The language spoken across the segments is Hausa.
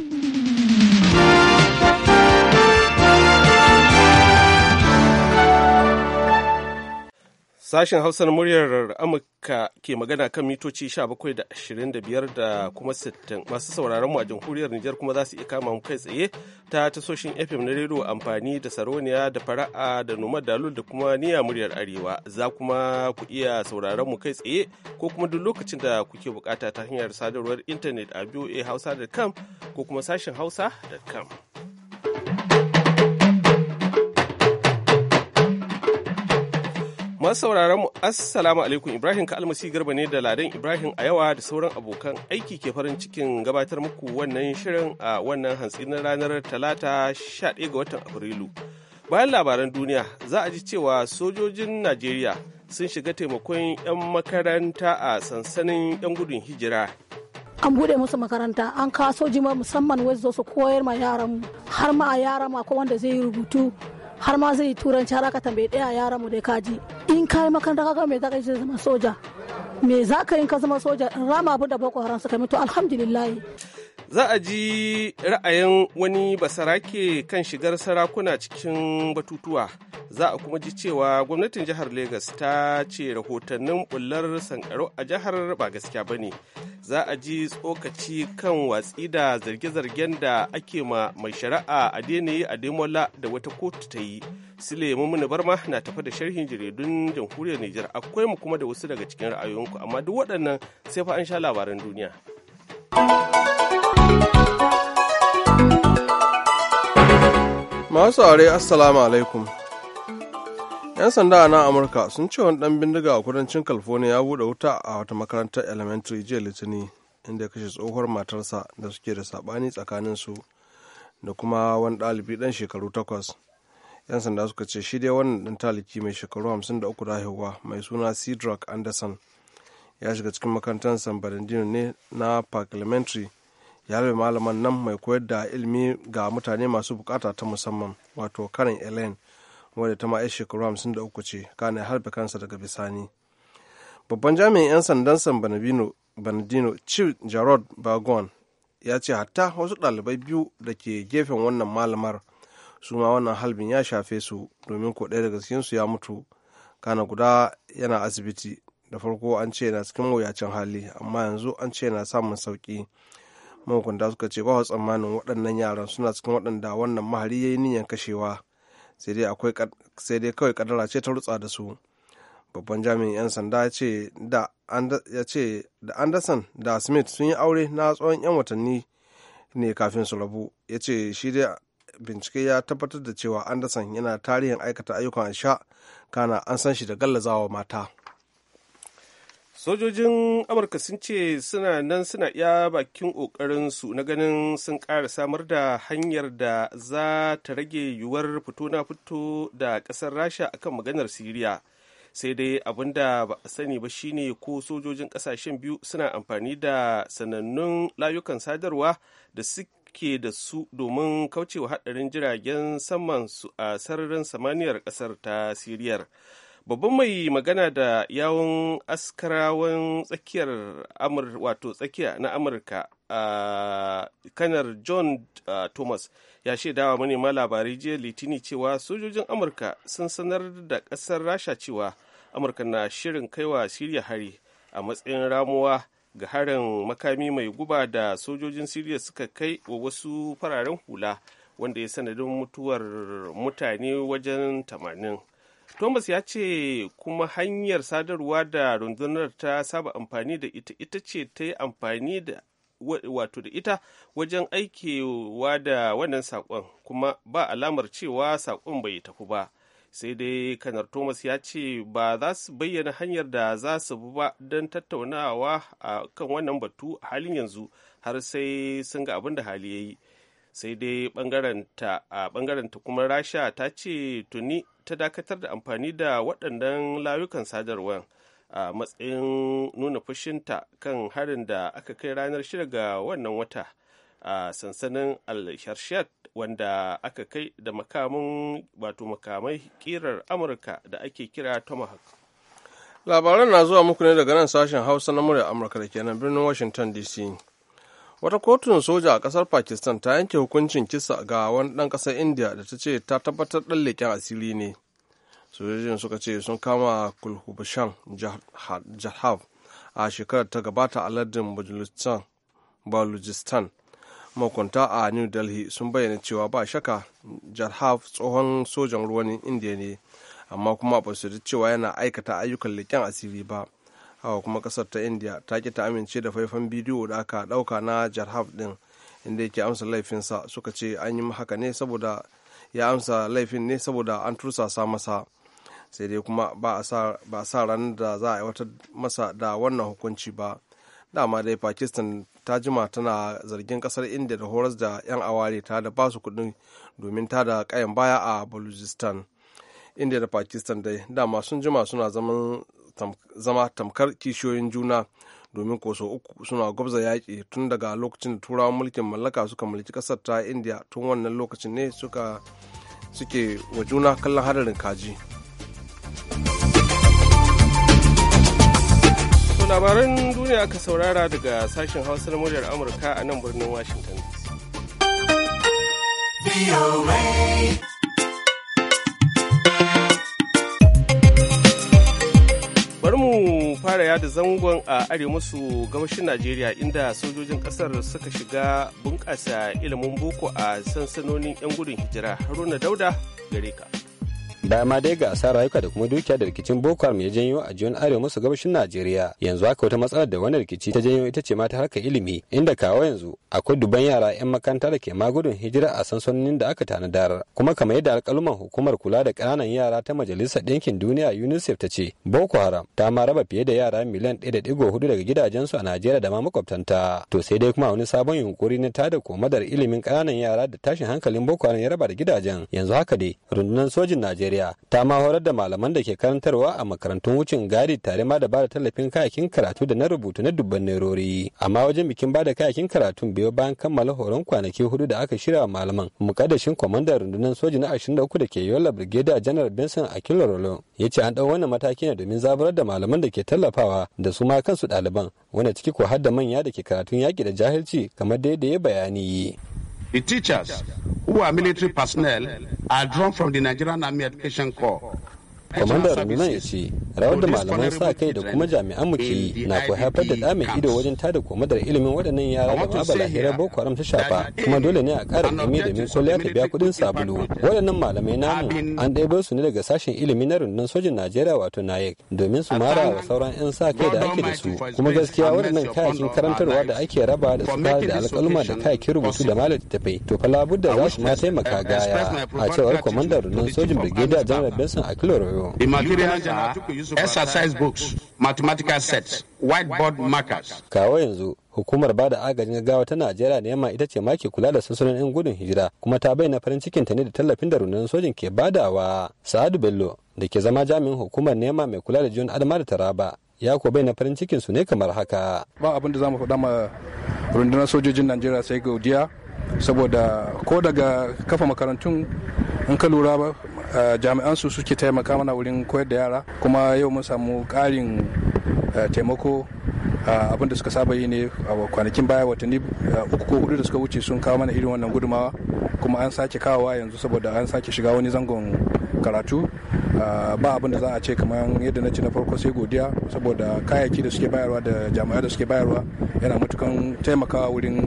Mm-hmm. Sashen Hausa na muryar Amurka ke magana kan mitoci 17 da 25 da kuma 60 masu sauraron mu a jamhuriyar Nijar kuma za su iya kama mu kai tsaye ta tasoshin FM na rediyo amfani da sarauniya da fara'a da noma dalul da kuma niya muryar Arewa za kuma ku iya sauraron mu kai tsaye ko kuma duk lokacin da kuke bukata ta hanyar sadarwar intanet a voahausa.com ko kuma sashen hausa.com. Masu sauraron mu Assalamu alaikum Ibrahim ka almasi garba ne da Ladan Ibrahim a yawa da sauran abokan aiki ke farin cikin gabatar muku wannan shirin a wannan hantsi na ranar Talata 11 ga watan Afrilu. Bayan labaran duniya za a ji cewa sojojin Najeriya sun shiga taimakon 'yan makaranta a sansanin 'yan gudun hijira. An bude musu makaranta an kawo soji musamman wai su koyar ma yaran har ma a yara ma ko wanda zai yi rubutu har ma zai yi turanci har aka tambaye ɗaya yaran mu dai kaji in ka yi makaranta kaga me za ka yi zama soja me za ka yi ka zama soja rama abu da boko haram suka mutu alhamdulillah Za a ji ra'ayin wani basarake kan shigar sarakuna cikin batutuwa. Za a kuma ji cewa gwamnatin jihar Legas ta ce rahotannin bullar sankaro a jihar ba gaskiya ba ne. Za a ji tsokaci kan watsi da zarge-zargen da ake ma mai shari'a a a demola da wata kotu ta yi. Sule mummuni Barma na tafa da sharhin jaridun jamhuriyar Nijar. Akwai mu kuma da wasu daga cikin ra'ayoyinku amma duk waɗannan sai fa an sha labaran duniya. masu aure assalamu alaikum yan sanda a nan amurka sun ce wani dan bindiga a kudancin california ya bude wuta a wata makarantar elementary jiya litini inda ya kashe tsohuwar matarsa da suke da sabani tsakanin su da kuma wani dalibi dan shekaru takwas yan sanda suka ce shi dai wannan dan taliki mai shekaru hamsin da uku haihuwa mai suna cedric anderson ya shiga cikin makarantar san ne na park elementary yare malaman nan mai koyar da ilimi ga mutane masu bukata ta musamman wato karen elaine wadda ta ma'ai shekaru uku ce kane harbe kansa daga bisani babban jami'in 'yan sandan san banadino chief jarod bagon ya ce hatta wasu ɗalibai biyu da ke gefen wannan malamar su ma wannan halbin ya shafe su domin ko ɗaya daga su ya mutu kana guda yana asibiti da farko an ce yana cikin mawuyacin hali amma yanzu an ce yana samun sauki mahukunta suka ce ba tsammanin waɗannan yaran suna cikin waɗanda wannan mahari ya yi niyyar kashewa sai dai kawai kadara ce ta rutsa da su babban jami'in 'yan sanda ya ce da anderson da smith sun yi aure na tsawon 'yan watanni ne kafin su rabu ya ce shi dai bincike ya tabbatar da cewa anderson yana tarihin aikata ayyukan sha kana an san shi da gallazawa mata sojojin amurka sun ce suna nan suna iya bakin ƙoƙarinsu na ganin sun ƙara samar da hanyar da za ta rage yiwuwar fito na fito da ƙasar rasha akan maganar siriya sai dai abin da ba a sani ba shine ko sojojin ƙasashen biyu suna amfani da sanannun layukan sadarwa da suke da su domin kaucewa haɗarin jiragen saman su a sararin samaniyar ƙasar ta siriyar babban mai magana da yawon askarawan tsakiyar amur wato tsakiya na amurka a kanar john thomas ya shaidawa manema labarai jiya litini cewa sojojin amurka sun sanar da kasar rasha cewa amurka na shirin kaiwa siriya hari a matsayin ramuwa ga harin makami mai guba da sojojin siriya suka kai wa wasu fararen hula wanda ya sanadin mutuwar mutane wajen tamanin thomas ya ce kuma hanyar sadarwa da rundunar ta saba amfani da ita ita ce ta yi amfani da wato da ita wajen aikewa da wannan saƙon kuma ba alamar cewa saƙon bai tafi ba sai dai kanar thomas ya ce ba za su bayyana hanyar da za su bi ba don tattaunawa a kan wannan batu a halin yanzu har sai sun ga abin da hali ya yi sai dai bangaranta ta kuma rasha ta ce tuni ta dakatar da amfani da waɗannan layukan sadarwar a matsayin nuna fushinta kan harin da aka kai ranar shida ga wannan wata a sansanin al wanda aka kai da makamin wato makamai kirar amurka da ake kira tomahawk labaran na zuwa muku ne daga nan sashen hausa na murya amurka da kenan birnin washington dc wata kotun soja a kasar pakistan ta yanke hukuncin kisa ga wani dan kasar india da ta ce ta tabbatar dan leken asiri ne sojojin suka ce sun kama kulhubashan jahav a shekarar ta gabata a lardin balujistan makonta a new delhi sun bayyana cewa ba shaka jarhaf tsohon sojan ruwan india ne amma kuma ba su cewa yana aikata ayyukan leken asiri ba hawa kuma kasar ta india ta ki ta amince da faifan bidiyo da aka dauka na jarhaf din inda yake amsa laifinsa suka ce an yi haka ne saboda ya amsa laifin ne saboda an tursasa masa sai dai kuma ba a sa ranar da za a aiwatar masa da wannan hukunci ba dama dai pakistan ta jima tana zargin kasar india da horas da 'yan aware ta da basu kudin domin ta da kayan baya a balujistan india da pakistan dai dama sun jima suna zaman zama tamkar kishiyoyin juna domin ko uku suna gwabza yaƙi tun daga lokacin da turawan mulkin mallaka suka mulki ƙasar ta indiya tun wannan lokacin ne suka suke wa juna kallon hadarin kaji labaran duniya aka saurara daga sashen hausa na muryar amurka a nan birnin washington mu fara yada zangon a arewa maso gabashin Najeriya inda sojojin kasar suka shiga bunƙasa ilimin boko a sansanonin 'yan gudun hijira Haruna Dauda gare ka. dama dai ga asar rayuka da kuma dukiya da rikicin boko haram ya janyo a jiyon arewa maso gabashin najeriya yanzu haka wata matsalar da wannan rikici ta janyo ita ce mata harkar ilimi inda kawo yanzu akwai duban yara yan makaranta da ke magudun hijira a sansanonin da aka tanadar kuma kamar yadda alkaluman hukumar kula da ƙananan yara ta majalisar ɗinkin duniya unicef ta ce boko haram ta ma raba fiye da yara miliyan hudu daga gidajensu a najeriya da ma makwabtanta to sai dai kuma wani sabon yunkuri na tada komadar ilimin ƙananan yara da tashin hankalin boko haram ya raba da gidajen yanzu haka dai rundunar sojin najeriya najeriya ta ma horar da malaman da ke karantarwa a makarantun wucin gadi tare ma da bada tallafin kayakin karatu da na rubutu na dubban nerori amma wajen bikin bada kayakin karatun biyo bayan kammala horon kwanaki hudu da aka shirya malaman mukaddashin kwamandan rundunar soji na 23 da ke yola brigadier general benson akilorolo ya ce an dau wannan mataki ne domin zaburar da malaman da ke tallafawa da su ma kansu ɗaliban wanda ciki ko har da manya da ke karatun yaƙi da jahilci kamar da ya bayani. The teachers who are military personnel are drawn from the Nigerian Army Education Corps Kwamandar Rundunar ya ce rawar da malaman sa kai da kuma jami'an mu ke na ko haifar da damin ido wajen tada komadar ilimin waɗannan yara da ma balahirar Boko Haram ta shafa kuma dole ne a ƙara ilimi domin kwalliya ta biya kuɗin sabulu. Waɗannan malamai namu an ɗaya su ne daga sashen ilimi na rundunar sojin Najeriya wato nayek domin su mara wa sauran 'yan sa kai da ake da su kuma gaskiya waɗannan kayakin karantarwa da ake raba da su da alƙaluma da kayakin rubutu da malam tafai to fa labudda za su ma taimaka gaya a cewar kwamandar rundunar sojin Brigadier janar Benson Akiloro The material are exercise books, mathematical sets, whiteboard markers. Kawo yanzu hukumar bada agajin gaggawa ta Najeriya ne ma ita ce ma ke kula da sansanin 'yan gudun hijira kuma ta bayyana farin cikin ta ne da tallafin da rundunar sojin ke badawa. Sa'adu Bello da ke zama jami'in hukumar nema mai kula da jiyon adama da taraba ya ko bai farin cikin su ne kamar haka. Ba abin da za mu faɗa ma rundunar sojojin Najeriya sai godiya saboda ko daga kafa makarantun in ka lura ba. Eh, jami'an su suke taimaka mana wurin koyar da yara kuma yau mun samu karin eh, taimako eh, abin da suka saba yi ne a kwanakin baya watanni uku ko hudu da suka wuce sun kawo mana irin wannan gudumawa kuma an sake kawowa yanzu saboda an sake shiga wani zangon karatu ba abin da za a ce kamar yadda na ci na farko sai godiya saboda kayayyaki da suke bayarwa da jami'ai da suke bayarwa yana matukan taimakawa wurin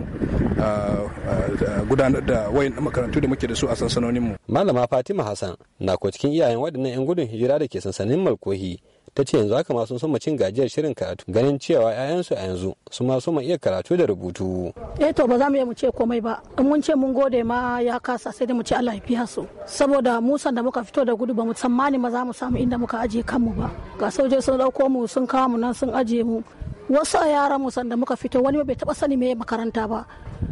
gudanar da wayan makarantu da muke da su a sansanonin mu. Malama Fatima Hassan na ko cikin iyayen waɗannan 'yan gudun hijira da ke sansanin Malkohi ta ce yanzu haka ma sun soma cin gajiyar shirin karatu ganin cewa 'ya'yansu a yanzu su ma soma iya karatu da rubutu. eh to ba za mu iya mu ce komai ba in mun ce mun gode ma ya kasa sai da mu ce Allah ya su saboda musan da muka fito da gudu ba mu tsammani ma za mu samu inda muka ajiye kanmu ba ga sojoji sun dauko mu sun kawo mu nan sun ajiye mu wasu a yaran mu sanda muka fito wani bai taba sani me makaranta ba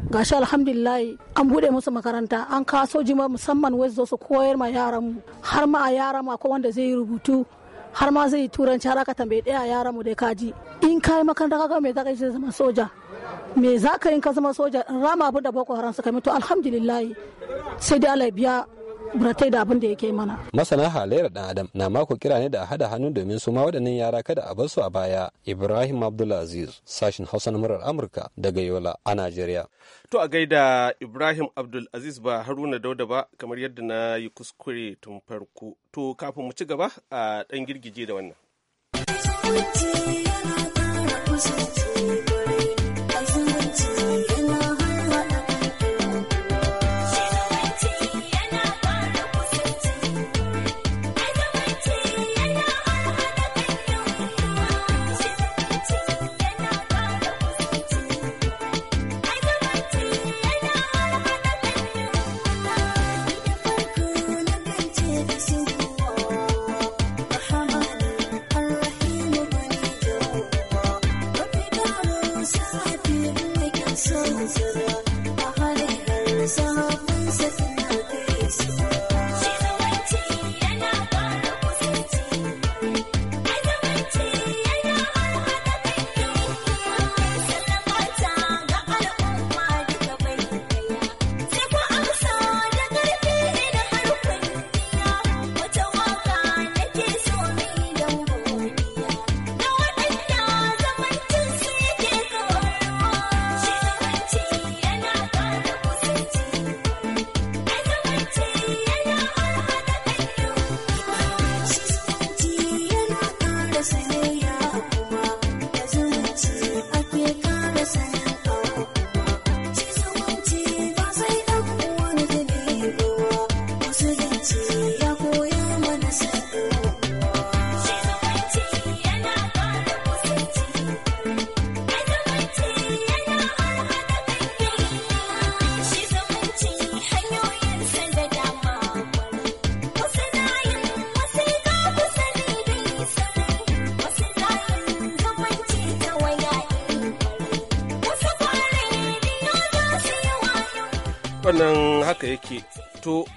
gashi alhamdulillah an bude musu makaranta an kaso soji musamman wai zo su koyar ma yaran mu har ma a yaran ma ko wanda zai yi rubutu har ma zai yi turanci har aka tambaye daya yaran mu ka kaji in kai makaranta kaga me zaka yi zama soja me za ka yi ka zama soja rama abu da boko haram suka mutu alhamdulillah sai dai Allah biya buratai da abin da yake mana. Masana halayyar dan Adam na mako kira ne da a hada hannu domin su ma waɗannan yara kada a bar su a baya. Ibrahim Abdulaziz sashin Hausa na murar Amurka daga Yola a Najeriya. To a gaida Ibrahim Abdulaziz ba Haruna Dauda ba kamar yadda na yi kuskure tun farko. To kafin mu ci gaba a ɗan girgije da wannan.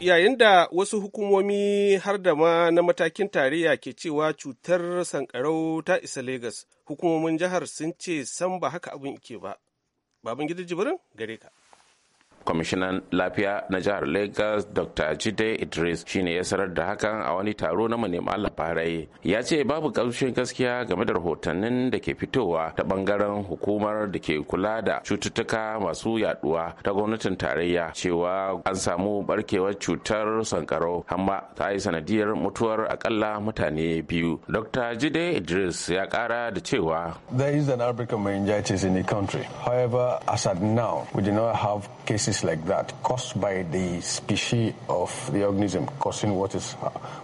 yayin da wasu hukumomi har da ma na matakin tarayya ke cewa cutar sankarau ta isa Legas, hukumomin jihar sun ce san ba haka abin ike ba. Babangida Jibrin gare ka. kwamishinan lafiya na jihar lagos dr jide idris shine ya sanar da hakan a wani taro na manema labarai ya ce babu karshen gaskiya game da rahotannin da ke fitowa ta bangaren hukumar da ke kula da cututtuka masu yaduwa ta gwamnatin tarayya cewa an samu barkewar cutar sankarau hamma ta yi sanadiyar mutuwar akalla mutane biyu dr jide idris ya kara da cewa there is an outbreak of meningitis in the country however as at now we do not have cases diseases like that caused by the species of the organism causing what is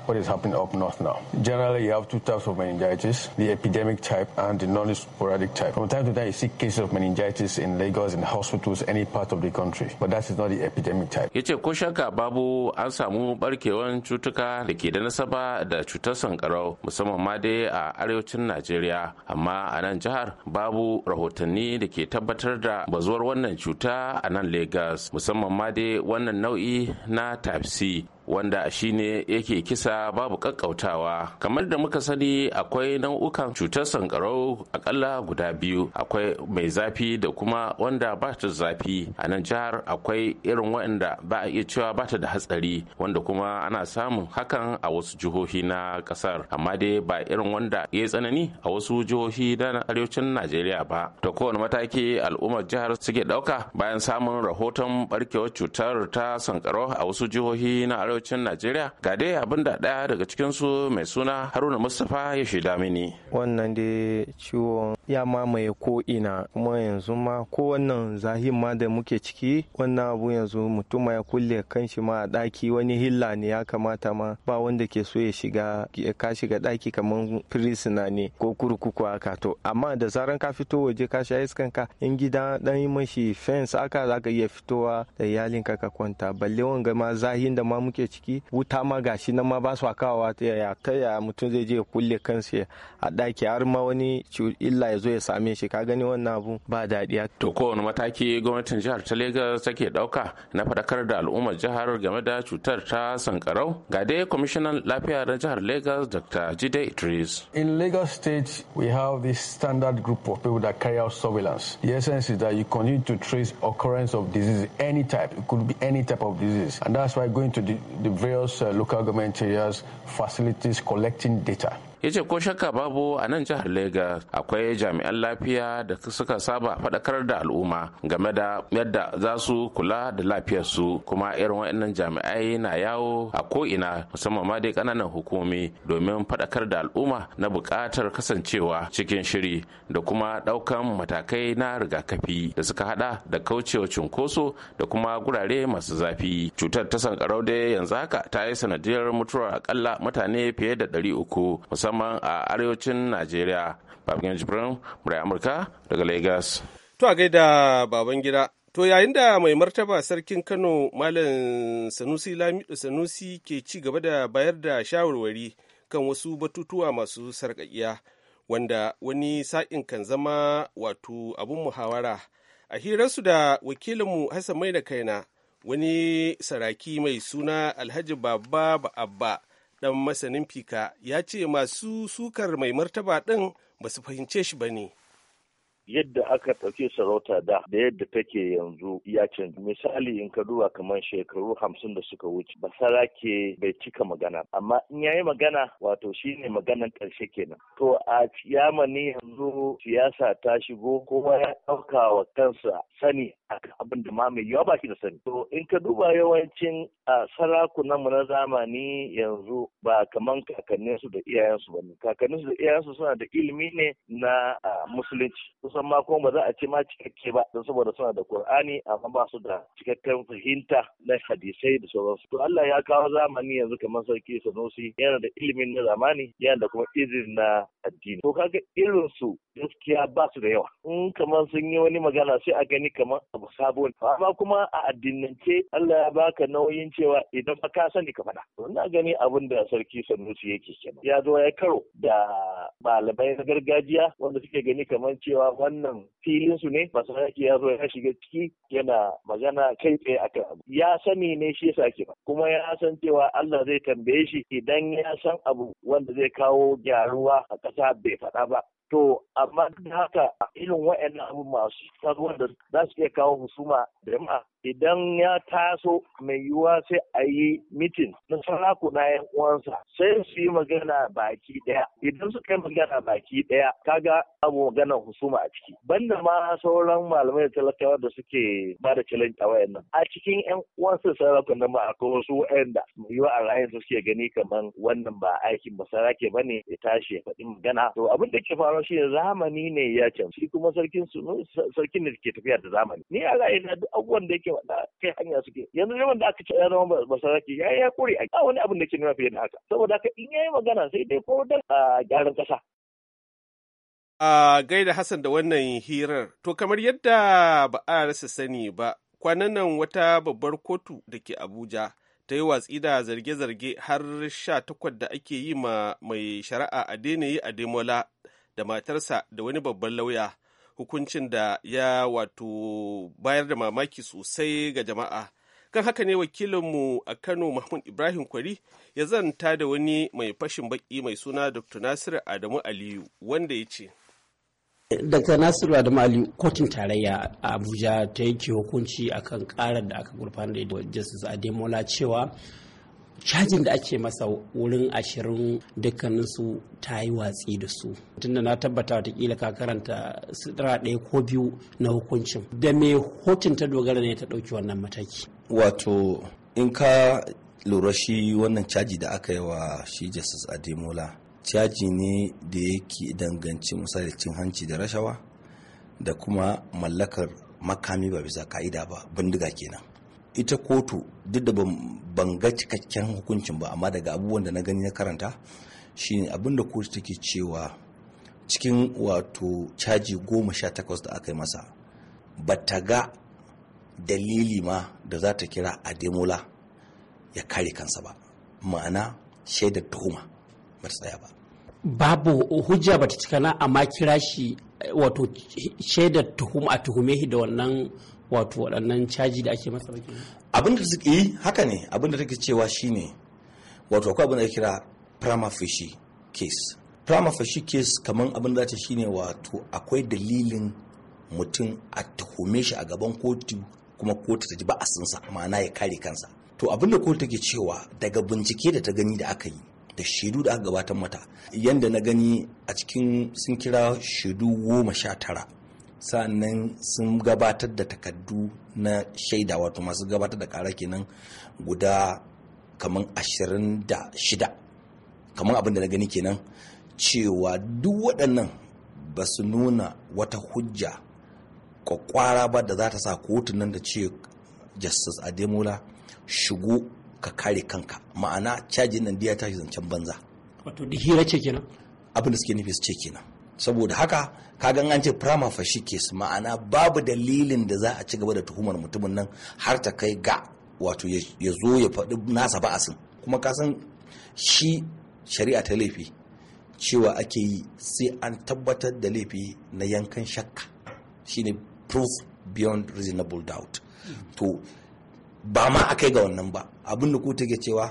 what is happening up north now. Generally, you have two types of meningitis: the epidemic type and the non-sporadic type. From time to time, you see cases of meningitis in Lagos in hospitals, any part of the country, but that is not the epidemic type. Ya ce ko shaka babu an samu barkewan cutuka da ke da nasaba da cutar sankarau musamman ma dai a arewacin Najeriya, amma a nan jihar babu rahotanni da ke tabbatar da bazuwar wannan cuta a nan Lagos. musamman ma dai wannan nau'i na tafsi. wanda shi ne yake kisa babu kakkautawa kamar da muka sani akwai nau'ukan cutar sankarau akalla guda biyu akwai mai zafi da kuma wanda ba ta zafi a nan jihar akwai irin waɗanda ba a iya cewa ba ta da hatsari wanda kuma ana samun hakan a wasu jihohi na kasar amma dai ba irin wanda ya tsanani a wasu jihohi na arewacin najeriya ba Da kowane mataki al'ummar jihar suke ɗauka bayan samun rahoton barkewar cutar ta sankarau a wasu jihohi na arewacin arewacin najeriya ga dai abin da ɗaya daga cikinsu mai suna haruna mustapha ya shaida mini wannan dai ciwon ya mamaye ko ina kuma yanzu ma ko wannan zahin ma da muke ciki wannan abu yanzu mutum ya kulle kanshi ma a daki wani hilla ne ya kamata ma ba wanda ke so ya shiga ka shiga ɗaki kamar firisina ne ko kurkuku haka to amma da zaran ka fito waje ka sha iskan ka in gida dan yi mashi fence haka zaka iya fitowa da iyalinka ka kwanta balle wanga ma zahin da ma muke ciki wuta ma gashi nan ma ba su kawowa ya ta ya mutum zai je ya kulle kansa a ɗaki har ma wani illa ya zo ya same shi ka gani wannan abu ba daɗi. To kowane mataki gwamnatin jihar ta Legas take ɗauka na faɗakar da al'ummar jihar game da cutar ta sankarau ga dai kwamishinan lafiya na jihar Legas Dr. Jide Idris. In Lagos state we have this standard group of people that carry out surveillance. The essence is that you continue to trace occurrence of disease any type. It could be any type of disease. And that's why going to the the various uh, local government areas facilities collecting data ya ko shakka babu a nan jihar Legas akwai jami'an lafiya da suka saba faɗakar da al'umma game da yadda za su kula da lafiyarsu kuma irin waɗannan jami'ai na yawo a ko'ina musamman ma dai ƙananan hukumi domin faɗakar da al'umma na buƙatar kasancewa cikin shiri da kuma ɗaukan matakai na rigakafi da suka haɗa da kaucewa cunkoso da kuma gurare masu zafi cutar ta sankarau dai yanzu haka ta yi sanadiyar mutuwar akalla mutane fiye da ɗari uku musamman a arewacin najeriya babban jibrin murai amurka daga lagos to a gaida baban gida to yayin da mai martaba sarkin kano malam sanusi lamido sanusi ke ci gaba da bayar da shawarwari kan wasu batutuwa masu sarƙaƙiya wanda wani sa'in kan zama wato abun muhawara a hirarsu da wakilinmu hassan mai da kaina wani saraki mai suna alhaji babba abba dan masanin fika ya ce masu sukar mai martaba ɗin ba su fahimce shi ba ne yadda aka ɗauke sarauta da da yadda take yanzu ya canza misali in ka duba kamar shekaru hamsin da suka wuce ba ke bai cika magana amma in ya yi magana wato shine maganan ƙarshe kenan to a yamani yanzu siyasa ta shigo kowa ya ɗauka wa kansa sani akan abin da ma mai yawa baki da sani to in ka duba yawancin a sarakunanmu na zamani yanzu ba kamar kakanninsu da iyayensu ba ne kakanninsu da iyayensu suna da ilimi ne na musulunci kusan ma kuma ba za a ce ma cikakke ba don saboda suna da Qur'ani amma ba su da cikakken fahimta na hadisai da sauransu to Allah ya kawo zamani yanzu kamar sarki Sanusi yana da ilimin na zamani yana da kuma izin na addini to kaga irin su gaskiya ba su da yawa in kamar sun yi wani magana sai a gani kamar abu sabo ne amma kuma a addinance Allah ya baka nauyin cewa idan ba ka sani ka faɗa to ina gani abin da sarki Sanusi yake kenan ya zo ya karo da malamai na gargajiya wanda suke gani kamar cewa wannan filin su ne ba yake ya zo ya shiga ciki yana magana kai tsaye akan abu ya sani ne shi yasa sake ba kuma ya san cewa Allah zai tambaye shi idan ya san abu wanda zai kawo gyaruwa a ƙasa bai faɗa ba to amma duk da haka irin wa'annan abu masu faruwa da za su iya kawo husuma da jama'a idan ya taso mai yiwuwa sai a yi mitin na saraku na yan uwansa sai su yi magana baki daya idan su kai magana baki daya kaga abu magana husuma a ciki banda ma sauran malamai da talakawa da suke ba da challenge a wayannan a cikin yan uwansa saraku na ma akwai wasu wayanda mai yiwuwa a ra'ayin suke gani kamar wannan ba aikin ba sarake bane ya tashi ya faɗi magana to abin da ke faru. kawo shi zamani ne ya can shi kuma sarkin su sarkin ne ke tafiya da zamani ni a ra'ayi na duk abubuwan da yake kai hanya suke yanzu yawan da aka ce ya zama basaraki ya ya kure a wani abin da ke nuna fiye da haka saboda haka in yayi magana sai dai ko dan gyaran kasa a gaida Hassan da wannan hirar. To kamar yadda ba a rasa sani ba, kwanan nan wata babbar kotu da ke Abuja ta yi watsi da zarge-zarge har sha takwas da ake yi ma mai shari'a a daina yi Ademola da matarsa da wani babban lauya hukuncin da ya wato bayar da mamaki sosai ga jama'a kan haka ne wakilinmu a kano mahmud ibrahim kwari ya zanta da wani mai fashin baki mai suna dr Nasiru adamu aliyu wanda ya ce Dr. Nasiru Adamu Ali kotun tarayya a Abuja ta yake hukunci akan karar da aka gurfanar da Justice Ademola cewa cajin da ake masa wurin ashirin dukkaninsu ta yi watsi da su tunda na tabbata watakila ka karanta sutura ɗaya ko biyu na hukuncin da me hotun ta dogara ne ta ɗauki wannan mataki wato in ka lura shi wannan caji da aka yi wa shi jesus ademola caji ne da yake danganci misali cin hanci da rashawa da kuma mallakar makami ba bisa ka'ida ba bindiga kenan ita kotu duk da ban ga cikakken hukuncin ba amma daga abubuwan da na gani na karanta shine abin da kotu take cewa cikin wato caji goma sha takwas da aka yi masa ba ta ga dalili ma da za ta kira ademola ya kare kansa ba ma'ana shaidar tuhuma ba ta tsaya ba babu hujja ba ta cika na amma kira shi eh, wato shaidar tuhuma a tuhume da wannan wato waɗannan caji da ake masa baki abin da suke yi haka ne abin da take cewa shine wato akwai abin da kira prima facie case prima facie case kamar abin da ta shine wato akwai dalilin mutum a tuhume shi a gaban kotu kuma kotu ta ji sa ma'ana ya kare kansa to abin da kotu take cewa daga bincike da ta gani da aka yi da shaidu da aka gabatar mata yanda na gani a cikin sun kira shaidu goma sha tara sa'annan sun gabatar da takardu na shaida wato masu gabatar da kara kenan guda kamar ashirin da shida kamar abin da na gani kenan cewa duk waɗannan ba su nuna wata hujja kwakwara ba da za ta sa kotun nan da ce justice ademola shigo ka kare kanka ma'ana cajin nan diya shi zancen banza wato da hira ce kenan abin da suke nufi su ce kenan saboda haka kagan an ce prima fashi kes ma'ana babu dalilin da za a ci gaba da tuhumar mutumin nan har ta kai ga wato ya zo ya faɗi nasa ba'asin kuma kasan shi shari'a ta laifi cewa ake yi sai an tabbatar da laifi na yankan shakka shine proof beyond reasonable doubt to ba ma a kai ga wannan ba abin da ku take cewa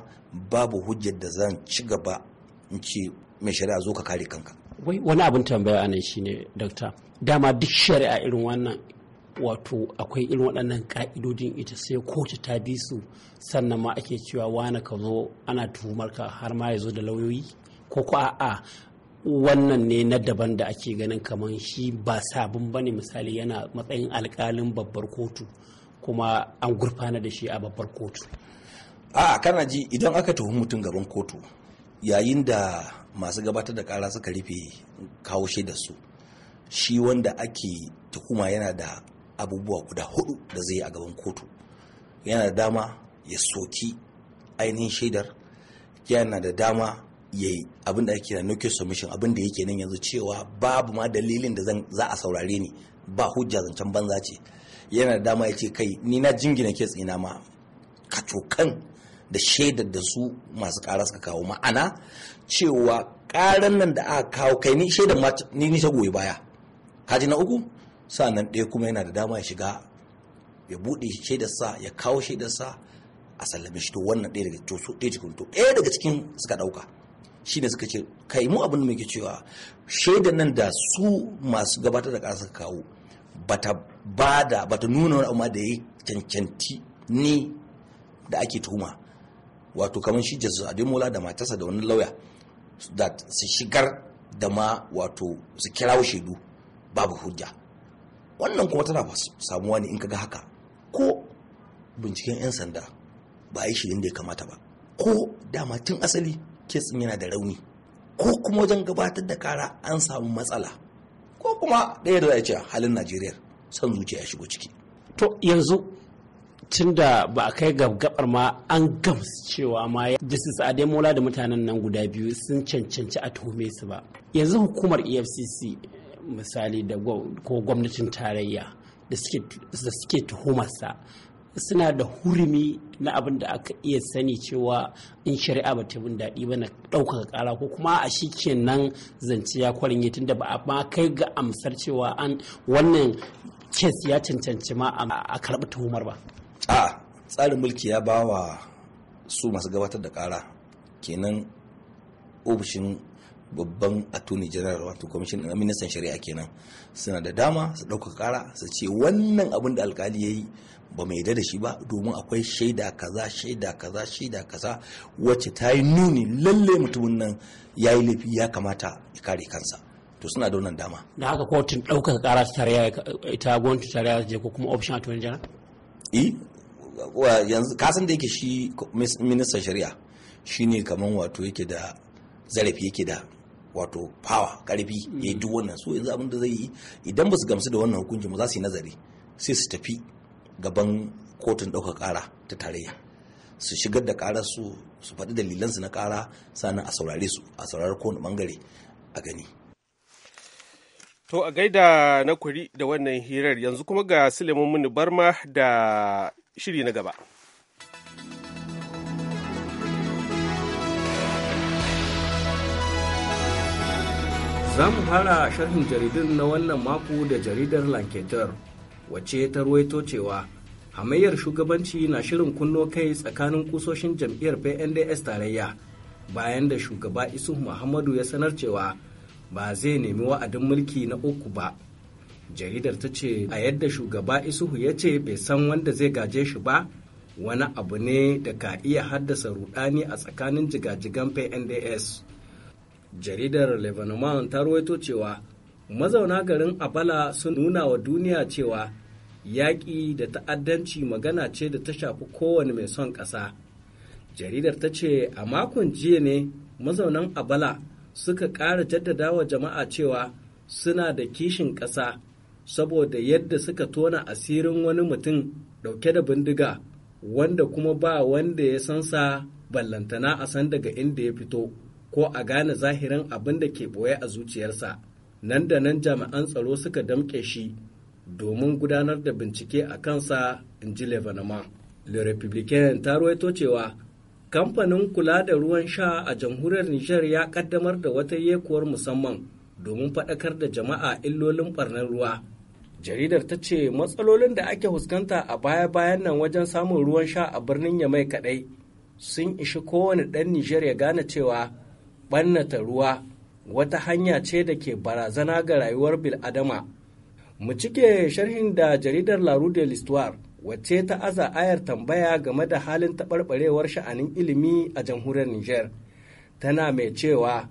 babu hujjar da zan ci gaba in ce mai shari'a zo ka kare kanka wai wani abin tambaya nan shine dakta dama duk shari'a irin wannan wato akwai irin waɗannan ka'idodin ita sai kotu ta bi su sannan ma ake cewa wani ka zo ana tuhumar ka har ma ya zo da lauyoyi ko ko a'a wannan ne na daban da ake ganin kamar shi ba sabon ba ne misali yana matsayin alkalin babbar kotu kuma an gurfana da shi a babbar kotu a kana ji idan aka tuhumi mutum gaban kotu yayin da masu gabatar da kara suka rufe kawo da su shi wanda ake tuhuma yana da abubuwa guda hudu da zai yi a gaban kotu yana da dama ya soki ainihin shaidar yana da dama ya yi abin da ake kira nuclear submission abin da yake nan yanzu cewa babu ma dalilin da za a saurare ni ba hujja zancen banza ce yana da dama ya ce kai ni na jingina ke tsina ma kacokan da shaidar da su masu ƙara suka kawo ma'ana cewa ƙaran nan da aka kawo kai ni shaidar ma ni ta goyi baya kaji na uku nan ɗaya kuma yana da dama ya shiga ya buɗe shaidarsa ya kawo shaidarsa a sallame shi to wannan ɗaya daga to ɗaya cikin to ɗaya daga cikin suka ɗauka shine suka ce kai mu abin da muke cewa shaidar nan da su masu gabatar da ƙara suka kawo bata bada bata nuna wani abu da ya cancanci ni da ake tuhuma wato kamar shi jesus ademola da matarsa da wani lauya da su shigar da ma wato su kirawo shaidu babu hujja wannan kuma tana samuwa ne in kaga haka ko binciken 'yan sanda ba a yi shirin da ya kamata ba ko dama tun asali kesin yana da rauni ko kuma wajen gabatar da kara an samu matsala ko kuma ɗaya da za a ce halin najeriya son zuciya ya shigo ciki to yanzu tunda ba a kai gabar ma an gamsu cewa ma Justice Ademola da mutanen nan guda biyu sun cancanci a tuhume su ba. Yanzu hukumar EFCC misali da ko gwamnatin tarayya da suke tuhumarsa suna da hurumi na abin da aka iya sani cewa in shari'a ba ta bin daɗi ba na ɗaukaka ƙara ko kuma a shi kenan zance ya kwarin tunda ba a ma kai ga amsar cewa an wannan kes ya cancanci ma a karɓi tuhumar ba. a tsarin mulki ya ba wa su masu gabatar da kara kenan ofishin babban attorney general wato commission na ministan shari'a kenan suna da dama su ɗauka kara su ce wannan abin da alkali ya yi ba mai da shi ba domin akwai shaida kaza shaida kaza shaida kaza wacce ta yi nuni lalle mutumin nan ya yi laifi ya kamata ya kare kansa to suna da wannan dama da haka kotun ɗaukaka kara ta tarayya ita gwamnati tarayya je ko kuma option attorney general eh yanzu kasan da yake shi ministan shari'a shine kamar wato yake da zarafi yake da wato power karfi mm. ya yi duk wannan so yanzu abin da zai yi idan ba su gamsu da wannan hukuncin ba za su yi nazari sai su tafi gaban kotun ɗaukar kara ta tarayya su shigar da ƙarar su su faɗi dalilansu na kara sannan a saurare su a saurari kowane ɓangare a gani To a gaida na kuri da wannan hirar yanzu kuma ga Suleiman Muni Barma da shiri na gaba. Za mu fara sharhin jaridun na wannan mako da jaridar Lanketer, wacce ta ruwaito cewa hamayyar shugabanci na shirin kunno kai tsakanin kusoshin jam'iyyar PNDS tarayya bayan da shugaba Isu Muhammadu ya sanar cewa ba zai nemi wa'adin mulki na uku ba jaridar ta ce a yadda shugaba isuhu ya ce bai san wanda zai gaje shi ba wani abu ne da ka iya haddasa rudani a tsakanin jigajigan pnds jaridar lebanon ta ruwaito cewa mazauna garin abala sun nuna wa duniya cewa yaƙi da ta'addanci magana ce da ta shafi kowane mai son ƙasa jaridar ta ce a makon jiya ne mazaunan abala suka ƙara jaddada wa jama'a cewa suna da kishin ƙasa saboda yadda suka tona asirin wani mutum dauke da bindiga wanda kuma ba wanda ya san sa ballantana a san daga inda ya fito ko a gane zahirin abin da ke ɓoye a zuciyarsa nan da nan jami'an tsaro suka damƙe shi domin gudanar da bincike a kansa in ji lebanama le republican ta ruwaito cewa kamfanin kula da ruwan sha a jamhuriyar nijar ya kaddamar da wata yekuwar musamman domin faɗakar da jama'a illolin ɓarnar ruwa jaridar ta ce matsalolin da ake fuskanta a baya-bayan nan wajen samun ruwan sha a birnin yamai kadai sun ishi kowane ɗan nijar ya gane cewa ɓannata ruwa wata hanya ce da ke barazana ga rayuwar bil'adama mu cike sharhin da jaridar la de l'histoire wacce ta aza ayar tambaya game da halin taɓarɓarewar sha'anin ilimi a jamhuriyar Nijar? tana mai cewa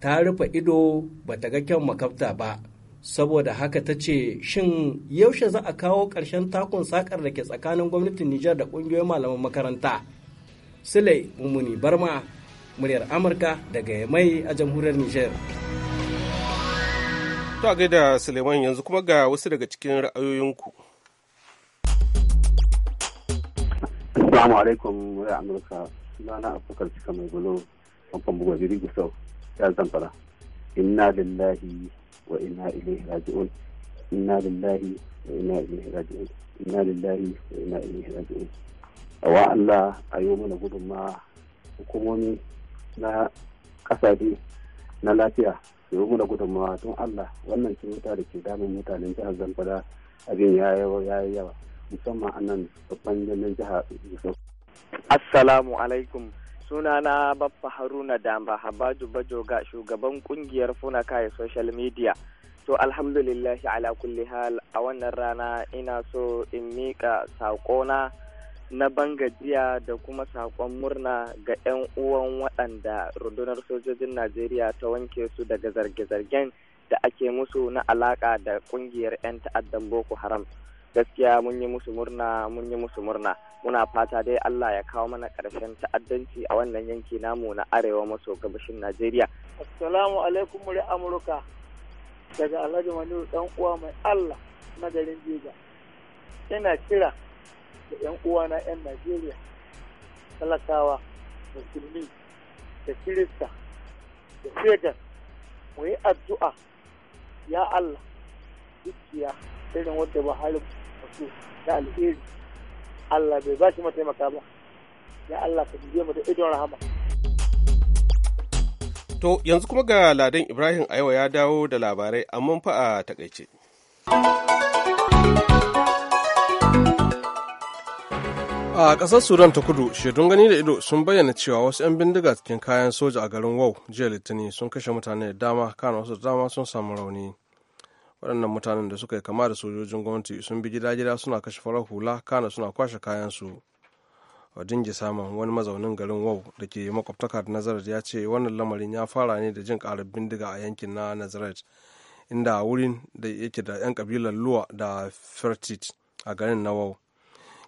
ta rufe ido bata ga kyan makabta ba saboda haka ta ce shin yaushe za a kawo ƙarshen takun sakar da ke tsakanin gwamnatin nijar da ƙungiyoyin malaman makaranta sule mummuni barma muryar amurka daga Yamai a jamhuriyar nijar to a gaida suleiman yanzu kuma ga wasu daga cikin ra'ayoyinku assalamu alaikum muryar amurka sunana abubakar cika mai gulo kamfan bugu gusau ya zamfara inna lillahi wa inna ilaihi raji'un inna lillahi wa inna ilaihi raji'un inna lillahi wa inna ilaihi raji'un wa Allah a yi mana gudunma hukumomi na kasashe na lafiya su yi mana gudunmawa Tun Allah wannan cuta da ke damun mutanen jihar Zamfara abin ya yi yawa musamman anan babban birnin jihar Assalamu alaikum sunana baffa haruna damba habaju bajoga shugaban kungiyar funakaya social media to alhamdulillah ala kulli hal a wannan rana ina so in miƙa saƙona na bangajiya da kuma saƙon murna ga 'yan uwan waɗanda rundunar sojojin najeriya ta wanke su daga zarge-zargen da ake musu na alaƙa da kungiyar 'yan ta'addan boko haram gaskiya mun yi musu murna mun yi musu murna muna fata dai Allah ya kawo mana ƙarshen ta'addanci a wannan yanki namu na arewa maso gabashin Najeriya. Assalamu alaikum muri Amurka daga Alhaji manu dan uwa mai Allah na garin Jega. Ina kira da ƴan uwana ƴan Najeriya talakawa musulmi da Kirista da fedar mu addu'a ya Allah dukiya irin wadda Buhari wasu da alheri Allah bai ba shi mataimaka ba ya Allah ka mu da idon rahama to yanzu kuma ga ladan Ibrahim a yau ya dawo da labarai amma fa a takaice a ƙasar sudan ta kudu shaidun gani da ido sun bayyana cewa wasu 'yan bindiga cikin kayan soja a garin wau jiya litinin sun kashe mutane da dama kan wasu dama sun samu rauni waɗannan mutanen da suka yi kama da sojojin gwamnati sun bi gida-gida suna kashe farar hula kana suna kwashe kayansu odinji saman wani mazaunin garin wau da ke makwabtaka da nazaret ya ce wannan lamarin ya fara ne da jin ƙarar bindiga a yankin na nazaret inda wurin da yake da 'yan kabilar luwa da fertit a garin na wau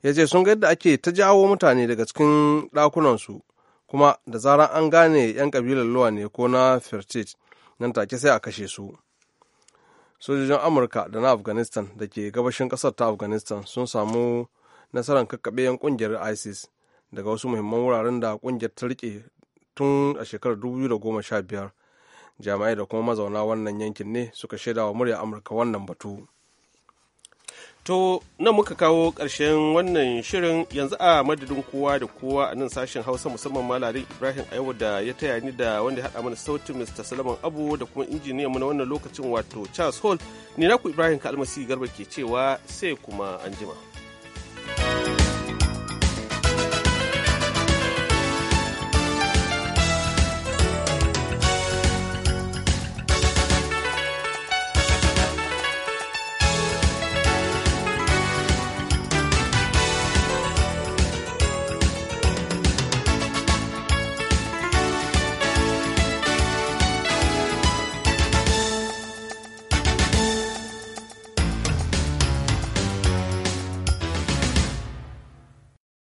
ya ce sun ga yadda ake ta jawo mutane daga cikin ɗakunansu kuma da zarar an gane 'yan kabilar luwa ne ko na fertit nan take sai a kashe su sojojin amurka da na afghanistan da ke gabashin kasar ta afghanistan sun samu nasarar kakkaɓe yan kungiyar isis daga wasu muhimman wuraren da kungiyar ta rike tun a shekarar 2015 jami'ai da kuma mazauna wannan yankin ne suka shaidawa murya amurka wannan batu To, nan muka kawo ƙarshen wannan shirin yanzu a madadin kowa da kowa a nan sashen Hausa musamman malarin Ibrahim Aiwa da ya taya ni da wanda ya haɗa mana sautin Mr. Salaman Abu da kuma injiniyan mu na wannan lokacin wato Charles Hall. Ni naku Ibrahim Kalmasi Garba ke cewa sai kuma anjima.